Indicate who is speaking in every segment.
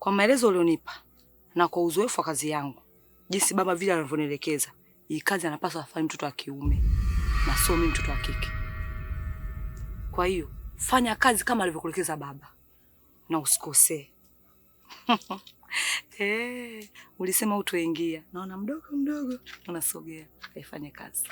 Speaker 1: Kwa maelezo ulionipa na kwa uzoefu wa kazi yangu, jinsi baba vile alivyonielekeza, hii kazi anapaswa afanye mtoto wa kiume na sio mimi mtoto wa kike. Kwa hiyo fanya kazi kama alivyokuelekeza baba na usikosee. Eh, hey, ulisema utoingia, naona mdogo mdogo unasogea, kaifanye kazi.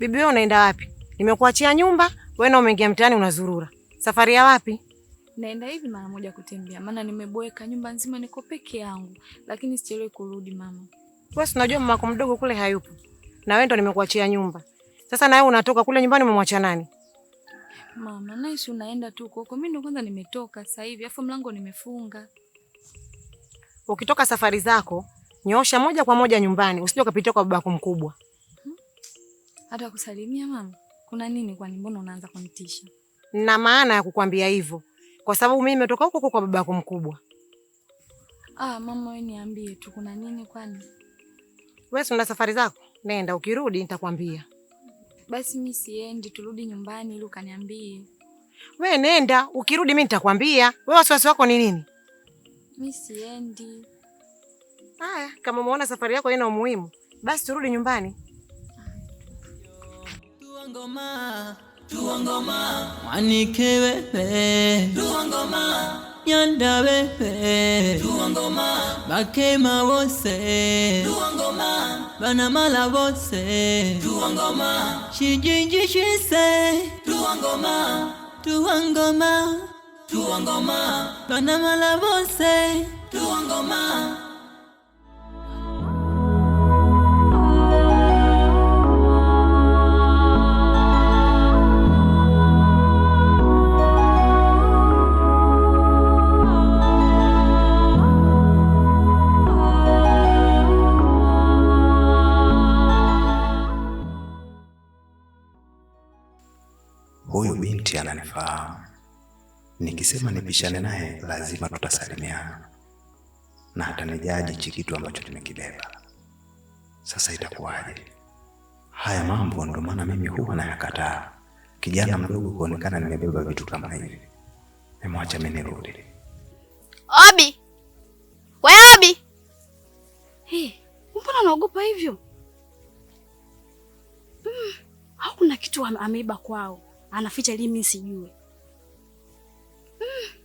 Speaker 1: Bibi wewe unaenda wapi? Nimekuachia nyumba, wewe na umeingia mtaani unazurura. Safari ya wapi?
Speaker 2: Naenda hivi mara moja kutembea, maana nimeboeka, nyumba nzima niko peke yangu, lakini sichelewi kurudi mama.
Speaker 1: Wewe si unajua mama yako mdogo kule hayupo. Na wewe ndo nimekuachia nyumba. Sasa na wewe unatoka kule nyumbani umemwacha nani?
Speaker 2: Mama, na si unaenda tu huko. Mimi ndo kwanza nimetoka sasa hivi, afu mlango nimefunga.
Speaker 1: Ukitoka safari zako, nyoosha moja kwa moja nyumbani, usije ukapita kwa babako mkubwa
Speaker 2: hata kusalimia mama? Kuna nini? Kwani mbona unaanza kunitisha?
Speaker 1: Na maana ya kukwambia hivyo kwa sababu mimi nimetoka huko kwa baba yako mkubwa.
Speaker 2: Ah, mama wewe niambie tu kuna nini kwani?
Speaker 1: Wewe si una safari zako? Nenda ukirudi nitakwambia.
Speaker 2: Basi mimi siendi, turudi nyumbani ili ukaniambie.
Speaker 1: Wewe nenda, ukirudi mimi nitakwambia. Wewe wasiwasi wako ni nini?
Speaker 2: Mimi siendi.
Speaker 1: Haya, kama umeona safari yako haina umuhimu, basi turudi nyumbani. Mwanike wewe Nyanda wewe Bakema wose Banamala wose Shijinji shise Tuwangoma Banamala wose
Speaker 3: huyu binti ananifahamu, nikisema nipishane naye lazima tutasalimiana na hatanijaji hichi kitu ambacho tumekibeba. Sasa itakuwaje? Haya mambo ndo maana mimi huwa nayakataa. Kijana mdogo kuonekana nimebeba vitu kama hivi, nimwacha minirudi.
Speaker 4: Obi we Obi,
Speaker 5: mbona naogopa hivyo? Hmm, au kuna kitu ameiba kwao? anaficha ili mimi sijue. Hmm.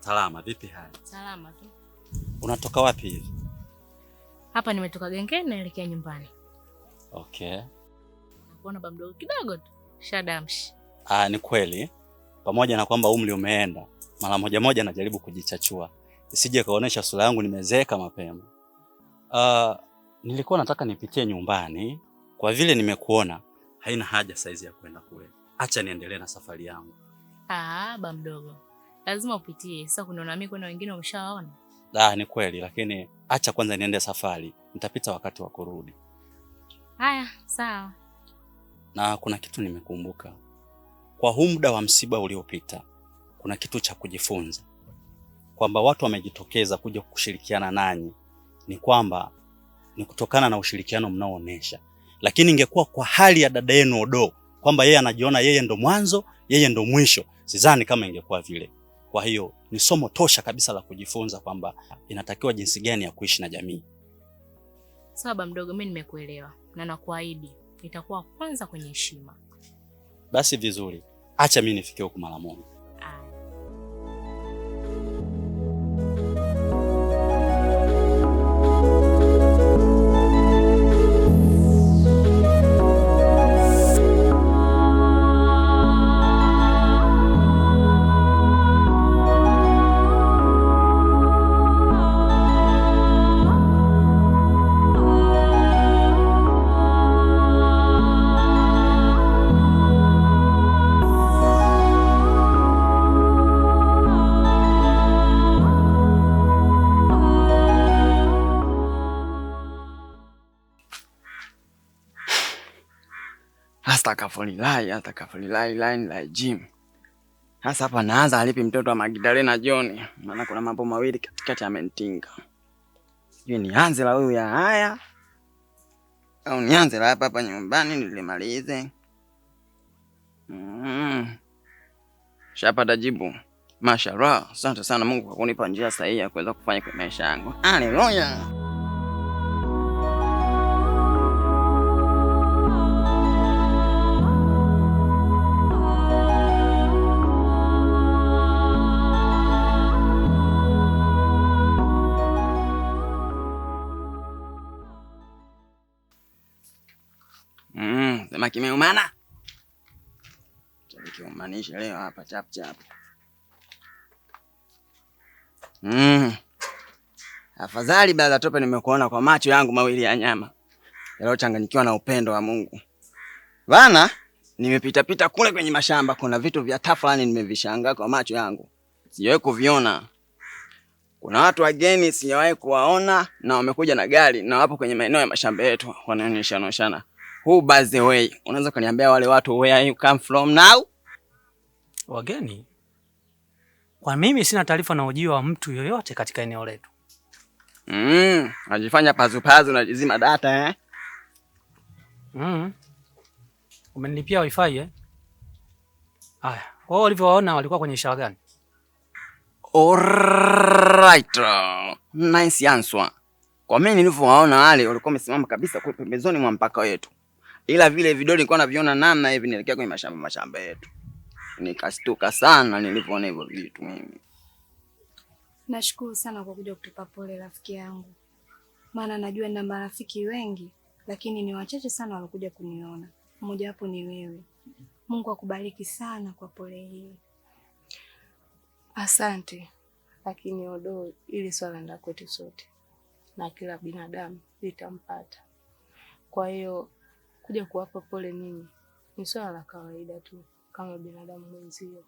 Speaker 6: Salama, vipi hali?
Speaker 4: Salama tu.
Speaker 6: Unatoka wapi hivi?
Speaker 4: Hapa nimetoka gengeni naelekea nyumbani. Okay. Nakuona baba mdogo kidogo tu. Shadamshi.
Speaker 6: Ah, ni kweli. Pamoja na kwamba umri umeenda, mara moja moja najaribu kujichachua. Sije kaonesha sura yangu nimezeeka mapema. Ah, nilikuwa nataka nipitie nyumbani kwa vile nimekuona, haina haja saizi ya kwenda kule. Acha niendelee na safari yangu.
Speaker 4: Ah, baba mdogo lazima upitie. Sasa kuna mimi, kuna wengine umeshawaona.
Speaker 6: Ah, ni kweli, lakini acha kwanza niende safari, nitapita wakati wa kurudi.
Speaker 4: Haya, sawa.
Speaker 6: Na kuna kitu nimekumbuka kwa huu muda wa msiba uliopita, kuna kitu cha kujifunza kwamba watu wamejitokeza kuja kushirikiana nanyi, ni kwamba ni kutokana na ushirikiano mnaoonyesha, lakini ingekuwa kwa hali ya dada yenu Odo kwamba yeye anajiona yeye ndo mwanzo, yeye ndo mwisho, sidhani kama ingekuwa vile. Kwa hiyo ni somo tosha kabisa la kujifunza kwamba inatakiwa jinsi gani ya kuishi na jamii.
Speaker 4: Saba mdogo, mimi nimekuelewa na nakuahidi nitakuwa kwanza kwenye heshima.
Speaker 6: Basi vizuri, acha mimi nifikie huko mara moja.
Speaker 7: atakavyolilai atakavyolilai line la gym. Sasa hapa naanza alipi mtoto wa Magdalena John, maana kuna mambo mawili katikati amenitinga. Sijui nianze la huyu ya haya au nianze la hapa hapa nyumbani nilimalize. Mm. Shapata jibu. Mashallah, asante sana Mungu kwa kunipa njia sahihi ya kuweza kufanya kwa maisha yangu. Haleluya. Chama kimeumana, kiumanishi leo hapa chap chap. Mm. Afadhali Brother Tope, nimekuona kwa macho yangu mawili ya nyama yaliyochanganyikiwa na upendo wa Mungu. Bana, nimepita pita kule kwenye mashamba, kuna vitu vya tafulani nimevishangaa kwa macho yangu, sijawahi kuviona. Kuna watu wageni sijawahi kuwaona, na wamekuja na gari na wapo kwenye maeneo ya mashamba yetu, wanaonyeshanoshana Who by the way, unaweza kuniambia wale watu where you come from now?
Speaker 8: Wageni? Kwa mimi sina taarifa na ujio wa mtu yoyote katika eneo letu.
Speaker 7: Mm, najifanya pazupazu najizima data eh?
Speaker 8: Mm. Umenilipia wifi eh? Haya, wao walivyowaona walikuwa kwenye ishara gani?
Speaker 7: Alright. Nice answer. Kwa mimi nilivyowaona wale walikuwa wamesimama kabisa kwa pembezoni mwa mpaka wetu ila vile video nilikuwa naviona namna hivi, nielekea kwenye mashamba mashamba yetu, nikastuka sana nilipoona hivyo vitu. Mimi
Speaker 9: nashukuru sana kwa kuja kutupa pole, rafiki yangu, maana najua na marafiki wengi, lakini ni wachache sana walokuja kuniona. Mmoja wapo ni wewe. Mungu akubariki sana kwa pole hii.
Speaker 10: Asante, lakini odo ili swala ndio kwetu sote na kila binadamu litampata, kwa hiyo kuja kuwapa pole nini, ni swala la kawaida tu kama binadamu mwenzio,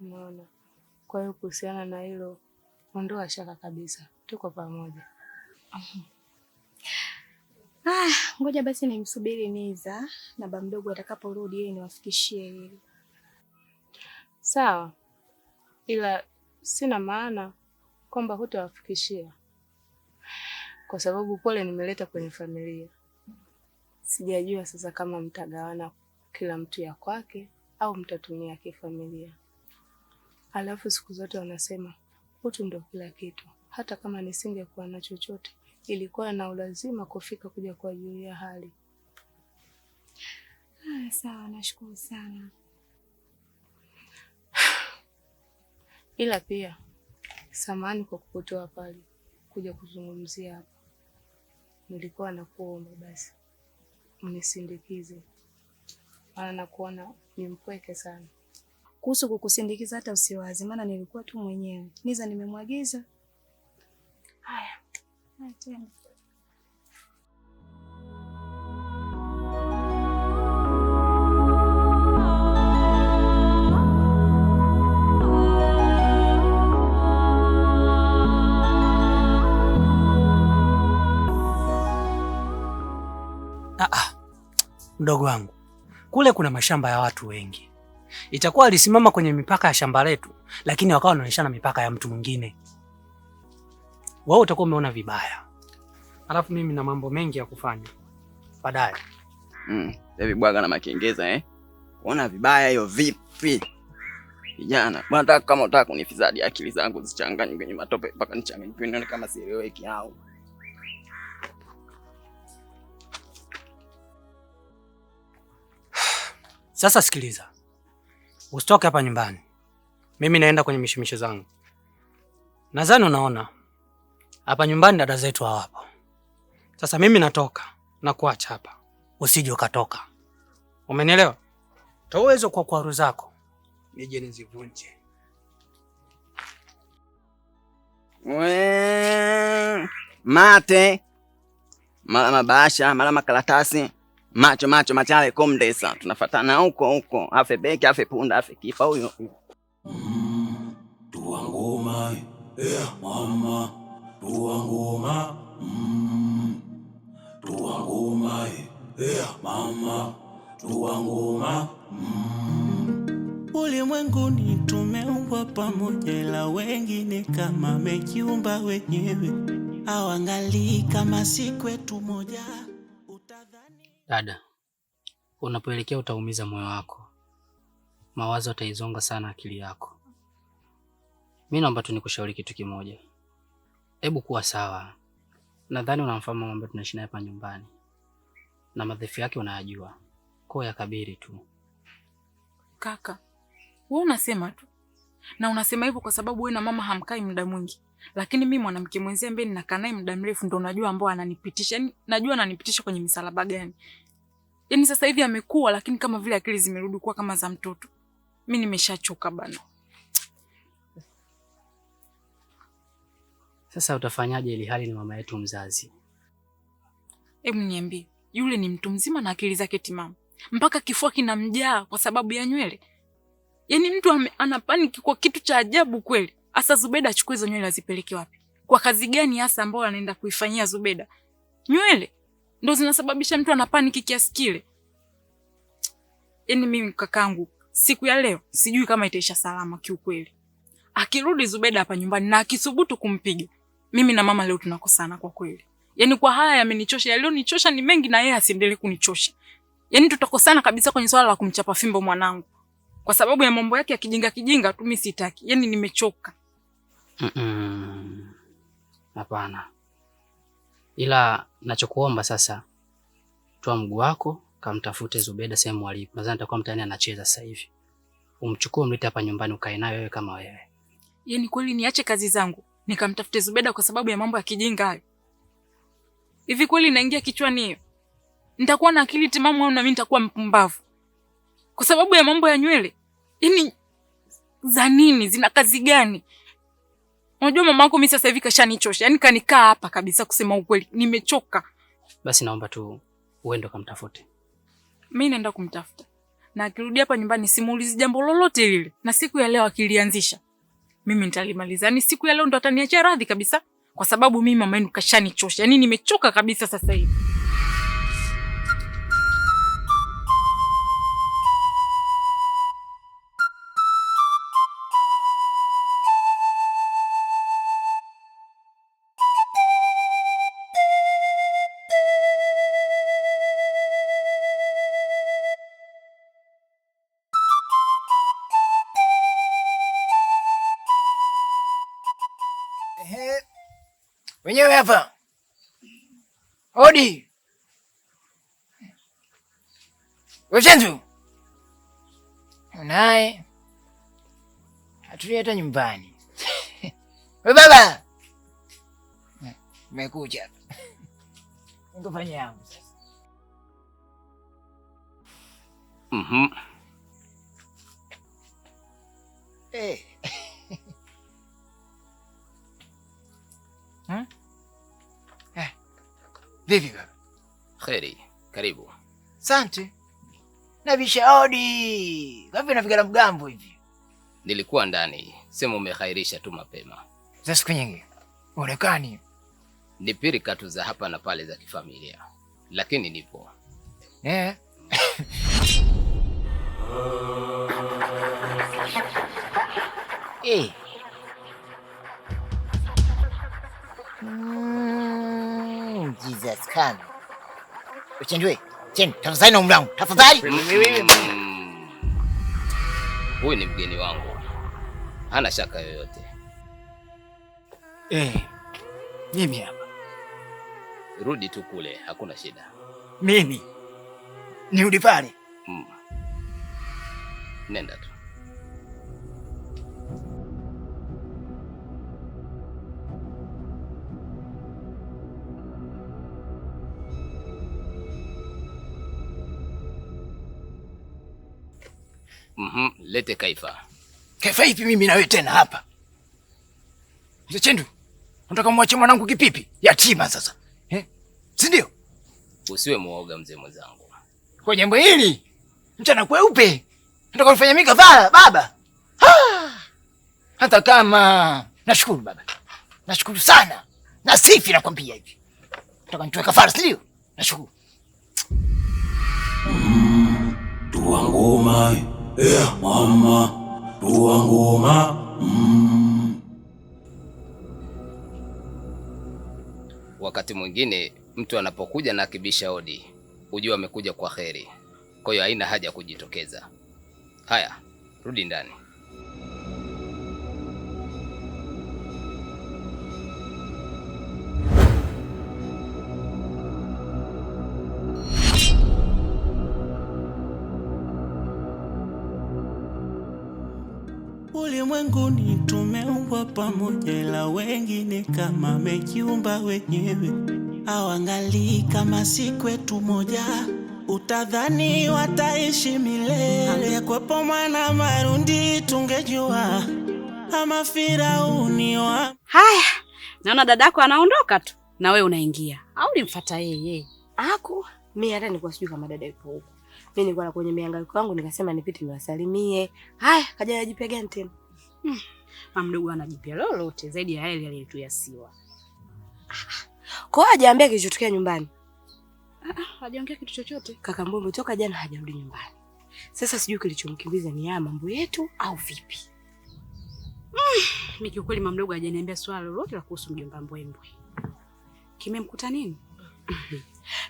Speaker 10: unaona. Kwa hiyo kuhusiana na hilo, ondoa shaka kabisa, tuko pamoja.
Speaker 9: Ah, ngoja basi nimsubiri Niza na ba mdogo atakaporudi, yeye niwafikishie hili.
Speaker 10: Sawa, ila sina maana kwamba hutawafikishia, kwa sababu pole nimeleta kwenye familia Sijajua sasa kama mtagawana kila mtu ya kwake au mtatumia kifamilia. Alafu siku zote wanasema utu ndo kila kitu. Hata kama nisingekuwa na chochote, ilikuwa na ulazima kufika kuja kuwajulia hali.
Speaker 9: Ah, sawa, nashukuru sana
Speaker 10: ila pia samani kwa kukutoa pale kuja kuzungumzia hapa, nilikuwa nakuomba basi unisindikize, maana nakuona ni mpweke sana.
Speaker 9: Kuhusu kukusindikiza hata usiwazi, maana nilikuwa tu mwenyewe. Niza nimemwagiza.
Speaker 10: Haya, haya, twende.
Speaker 8: mdogo wangu, kule kuna mashamba ya watu wengi, itakuwa alisimama kwenye mipaka ya shamba letu, lakini wakawa wanaonyeshana mipaka ya mtu mwingine, Wao utakuwa umeona vibaya, alafu mimi na mambo mengi ya kufanya baadaye.
Speaker 7: Mm, hivi bwaga na makengeza eh? Ona vibaya hiyo vipi? Vijana, bwana, kama unataka kunifizadi akili zangu zichanganywe kwenye matope mpaka nichanganywe nione kama sieleweki au
Speaker 8: Sasa sikiliza, usitoke hapa nyumbani, mimi naenda kwenye mishimisho zangu. Nadhani unaona hapa nyumbani dada zetu hawapo. Sasa mimi natoka na kuacha hapa, usije ukatoka, umenielewa? Toa kwa kwaru zako, nije nizivunje.
Speaker 7: Mate mara mabasha mara makaratasi macho macho machale komdesa, tunafatana huko huko, afe beki afe punda afe kifa huyo mm, tua ngoma yeah, mama tua ngoma tua mm. ngoma yeah, mama tua ngoma
Speaker 11: mm. Ulimwenguni tumeumbwa pamoja, ila wengine kama mekiumba wenyewe, awangali kama si kwetu moja Dada, unapoelekea utaumiza moyo wako, mawazo ataizonga sana akili yako. Mi naomba tu nikushauri kitu kimoja, hebu kuwa sawa. Nadhani unamfahamu ng'ombe tunaishi naye hapa nyumbani na madhaifu yake unayajua, kwa kabiri tu.
Speaker 12: Kaka wewe unasema tu, na unasema hivyo kwa sababu wewe na mama hamkai muda mwingi lakini mi mwanamke mwenzie ambaye ninakaa naye muda mrefu ndo najua ambao ananipitisha, yani najua ananipitisha kwenye misalaba gani. Yani sasa hivi amekuwa, lakini kama vile akili zimerudi kuwa kama za mtoto. Mi nimeshachoka bana.
Speaker 11: Sasa utafanyaje ili hali ni mama yetu mzazi?
Speaker 12: Hebu niambie, yule ni mtu mzima na akili zake timamu, mpaka kifua kinamjaa kwa sababu ya nywele. Yani mtu anapaniki kwa kitu cha ajabu kweli. Asa Zubeda achukue hizo nywele azipeleke wapi? Kwa kazi gani hasa ambayo anaenda kuifanyia Zubeda? Nywele ndo zinasababisha mtu ana paniki kiasi kile. Yaani mimi kakangu, siku ya leo sijui kama itaisha salama kiukweli. Akirudi Zubeda hapa nyumbani na akithubutu kumpiga, mimi na mama leo tunakosana kwa kweli. Yaani kwa haya yamenichosha, yaliyonichosha ni mengi na yeye asiendelee kunichosha. Yaani tutakosana kabisa kwenye swala la kumchapa fimbo mwanangu. Kwa sababu ya mambo yake ya kijinga kijinga tu mimi sitaki. Yaani nimechoka.
Speaker 11: Hapana mm -mm. Ila nachokuomba sasa, toa mguu wako kamtafute Zubeda sehemu alipo, nadhani atakuwa mtaani anacheza sasa hivi. Umchukue umlete hapa nyumbani, ukae naye wewe kama wewe.
Speaker 12: Yaani kweli niache kazi zangu nikamtafute Zubeda kwa sababu ya mambo ya kijinga hayo? Hivi kweli naingia kichwani hiyo? Nitakuwa na akili timamu au mimi nitakuwa mpumbavu kwa sababu ya mambo ya nywele? Yaani za nini? Zina kazi gani? Unajua mama mamangu mimi sasa hivi kashanichosha. Yaani kanikaa hapa kabisa kusema ukweli. Nimechoka.
Speaker 11: Basi naomba tu uende ukamtafute.
Speaker 12: Mimi naenda kumtafuta. Na akirudi hapa nyumbani simuulizi jambo lolote lile. Na siku ya leo akilianzisha, mimi nitalimaliza. Yaani siku ya leo ndo ataniachia radhi kabisa kwa sababu mimi mama yenu kashanichosha. Yaani nimechoka kabisa sasa hivi.
Speaker 7: mwenyewe hapa. Hodi wechenzu,
Speaker 8: naye hatuli hata nyumbani.
Speaker 7: We baba, mekuja
Speaker 8: ngofanya yangu sasa.
Speaker 6: Mhm.
Speaker 7: Eh. Vipi baba?
Speaker 6: Kheri, karibu.
Speaker 7: Asante. Na vishaodi. Vipi na mgambo hivi?
Speaker 6: Nilikuwa ndani, sema umehairisha tu mapema.
Speaker 7: Za siku nyingi. Onekani.
Speaker 6: Ni pirikatu za hapa na pale za kifamilia. Lakini nipo.
Speaker 7: Eh. Eh. Hey. Mm. Jesus come. Uchenjwe, chen, tafadhali na mlango. Tafadhali.
Speaker 6: Huyu ni mgeni wangu. Hana shaka yoyote.
Speaker 7: Eh. Mimi hapa.
Speaker 6: Rudi tu kule, hakuna shida.
Speaker 7: Mimi. Ni pale.
Speaker 6: Hmm. Nenda tu. Lete Kaifa.
Speaker 7: Kaifa ipi mimi nawe tena hapa? Mzee Chendu, unataka mwache mwanangu kipipi? Yatima sasa. Eh? Si ndio?
Speaker 6: Usiwe muoga mzee mwenzangu.
Speaker 7: Kwa jambo hili mchana kweupe. Unataka kufanya mika vaa baba. Ha! Hata kama nashukuru baba. Nashukuru sana. Na sifi nakwambia hivi. Unataka nitoe kafara, si ndio? Nashukuru. Tuangoma eh, mama tua
Speaker 6: ngoma mm. Wakati mwingine mtu anapokuja na akibisha hodi, hujua amekuja kwa kheri, kwa hiyo haina haja ya kujitokeza. Haya, rudi ndani. ulimwenguni
Speaker 4: tumeumbwa pamoja, ila wengine kama mekiumba wenyewe, awangali kama si kwetu moja, utadhani wataishi milele. Angekwepo mwana Marundi tungejua ama Firauni wa haya. Naona dadako anaondoka tu na we unaingia, au limfata yeye?
Speaker 13: Aku mi hata nikuwa sijui kama dada yupo huko. nikuwa na kwenye miangaiko yangu, nikasema nipite niwasalimie. Haya, kaja najipiga tena. Hmm. Mama mdogo anajipia lolote zaidi ya yale aliyotuyasiwa. Kwa hiyo hajaambia kilichotokea nyumbani.
Speaker 14: Ah, ah, hajaongea kitu chochote.
Speaker 13: Kaka Mbombo toka jana hajarudi nyumbani. Sasa sijui kilichomkimbiza ni haya mambo yetu au vipi? Mm, mimi kiukweli mama mdogo hajaniambia swala lolote la kuhusu mjomba Mbwembwe. Kimemkuta nini?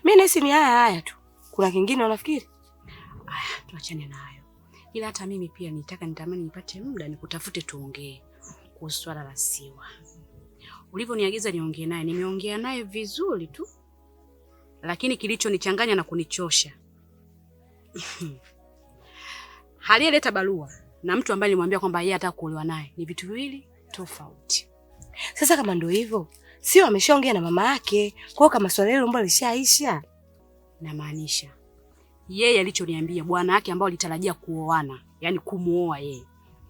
Speaker 13: Mimi nahisi ni haya haya tu. Kuna kingine unafikiri?
Speaker 14: Aya, tuachane na hayo ila hata mimi pia nitaka nitamani nipate muda nikutafute tuongee kuhusu swala la Siwa. Ulivyoniagiza niongee naye, nimeongea naye vizuri tu, lakini kilichonichanganya na kunichosha haliyeleta barua na mtu ambaye nilimwambia kwamba yeye hata kuolewa naye ni vitu viwili tofauti.
Speaker 13: Sasa kama ndio hivyo, sio ameshaongea na mama yake kwao, kama swala hilo mbona lishaisha,
Speaker 14: namaanisha yeye alichoniambia bwana wake ambao alitarajia kuoana, yani kumuoa yeye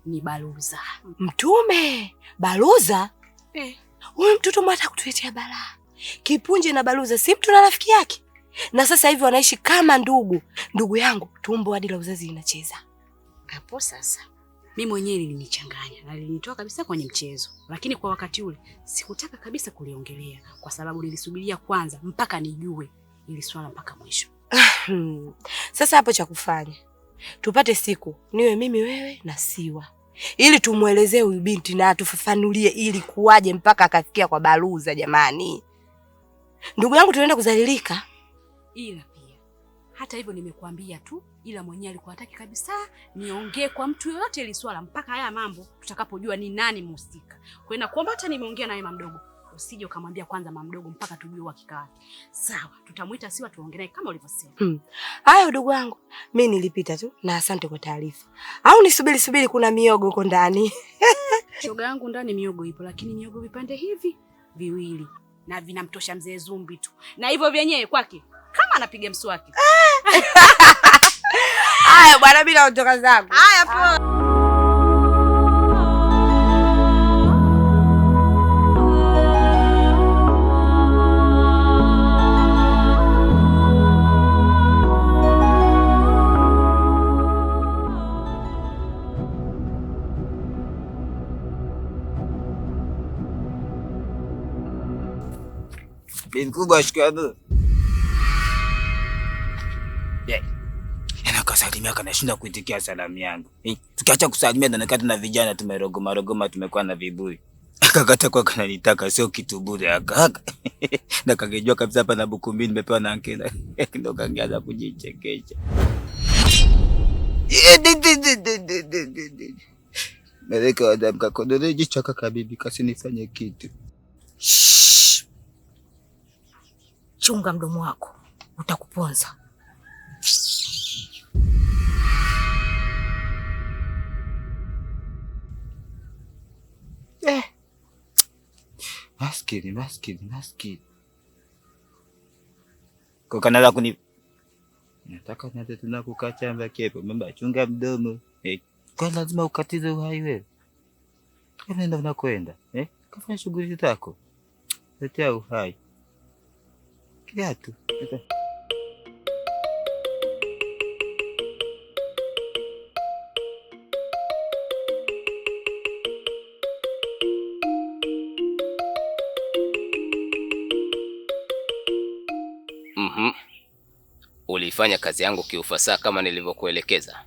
Speaker 14: ni Baruza
Speaker 13: Mtume. Baruza eh. huyu eh, mtoto mwata kutuletea balaa. Kipunje na Baruza si mtu na rafiki yake, na sasa hivi wanaishi kama ndugu. Ndugu yangu, tumbo hadi la uzazi linacheza
Speaker 14: hapo. Sasa mi mwenyewe nilinichanganya na nilinitoa kabisa kwenye mchezo, lakini kwa wakati ule sikutaka kabisa kuliongelea, kwa sababu nilisubiria kwanza mpaka nijue ili swala mpaka mwisho.
Speaker 13: Hmm. Sasa hapo cha kufanya tupate siku niwe mimi wewe na Siwa ili tumwelezee huyu binti na atufafanulie ili kuwaje mpaka akafikia kwa Baruza. Jamani ndugu yangu, tunaenda kuzalilika,
Speaker 14: ila pia hata hivyo nimekuambia tu, ila mwenyewe alikuwa hataki kabisa niongee kwa mtu yoyote ili swala mpaka haya mambo tutakapojua ni nani mhusika. Kwa hiyo hata nimeongea na wewe mdogo wako, sije ukamwambia kwanza mama mdogo mpaka tujue uhakika wake. Sawa, tutamwita Siwa tuongelee kama ulivyosema.
Speaker 13: Hmm. Haya udogo wangu, mimi nilipita tu na asante kwa taarifa. Au nisubiri subiri, kuna miogo huko ndani.
Speaker 14: Shoga yangu, ndani miogo ipo, lakini miogo vipande hivi viwili na vinamtosha mzee Zumbi tu, na hivyo vyenyewe kwake kama anapiga mswaki.
Speaker 13: Haya bwana, bila naondoka zangu. Haya poa. Ah.
Speaker 7: mkubwa shikamoo. Anakusalimia yaani kanashinda kuitikia salamu yangu. Tukiacha kusalimia tunakaa na vijana tumerogoma rogoma tumekuwa na vibui akakata kwa kananitaka sio kitu bure aka. Na kangejua kabisa hapa na Bukumbi nimepewa na ankela. ndo kangeanza kujichekecha. Meleka wadamka kodore jicho kabibi kasinifanye kitu
Speaker 14: chunga mdomo wako, utakuponza.
Speaker 7: Eh. Maskini, maskini, maskini. Kukanala kuni nataka nate tuna mba kepo mba chunga mdomo eh. Kwa lazima ukatize uhai wewe, unaenda unakwenda eh? Kafanya shughuli zako, letea uhai kiatu.
Speaker 6: Mm-hmm. Uliifanya kazi yangu kiufasaha kama nilivyokuelekeza.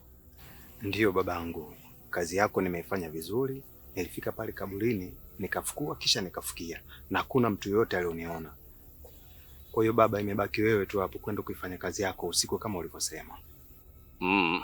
Speaker 3: Ndiyo babangu, kazi yako nimeifanya vizuri. Nilifika pale kaburini nikafukua, kisha nikafukia na hakuna mtu yoyote alioniona. Kwa hiyo baba, imebaki wewe tu hapo kwenda kuifanya kazi yako usiku kama ulivyosema. Mm.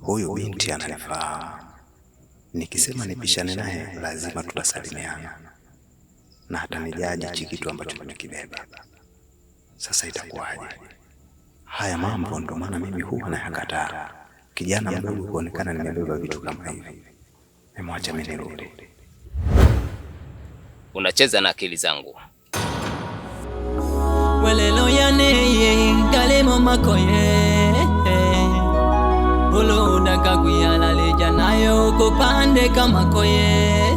Speaker 3: Huyu binti ananifaa, nikisema nipishane naye lazima tutasalimiana na hatamejaji hichi kitu ambacho tumekibeba. Sasa itakuwaje? Haya mambo ndio maana mimi huwa nayakataa. Kijana mdogo kuonekana nimebeba vitu kama hivi, nimwacha mimi nirudi.
Speaker 6: Unacheza na akili zangu welelo yaneye galemo makoye ulundaka kuyalaleja nayo kupandeka makoye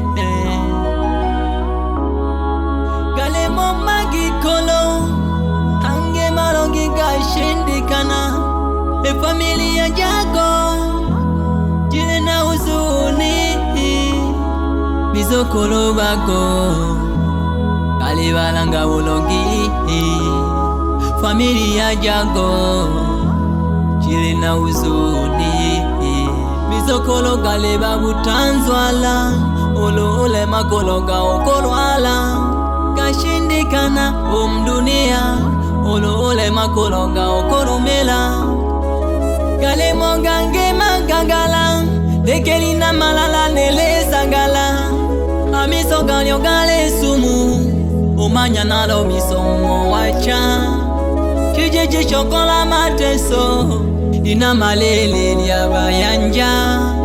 Speaker 6: mikono tange malongi kashindikana, e familia jako jile na huzuni bizokolo bako balanga bulongi familia jako jile na huzuni bizokolo kaliba babutanzwala olole ule makolo gaokolwala kashindikana umdunia uluule makologa okorumela kalemo gange magagala tekeli na malala nelesagala amiso galio galesumu umanya nalo misomo wacha cijiji chokola mateso lina malele lyabayanja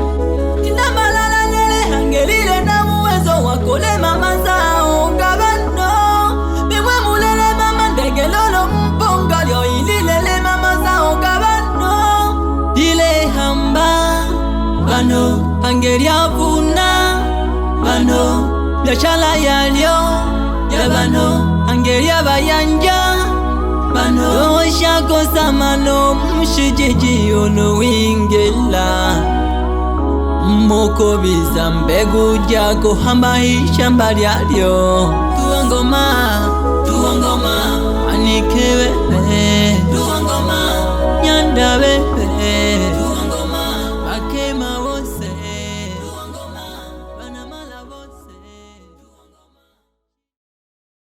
Speaker 6: biashara yalyo leo ya bano angeria bayanja bano oshakosa mano mshijijiyono wingela mukobiza mbegu jako hamba ishamba lyalyo tuwangoma tuwangoma anikewele tuwangoma nyandabe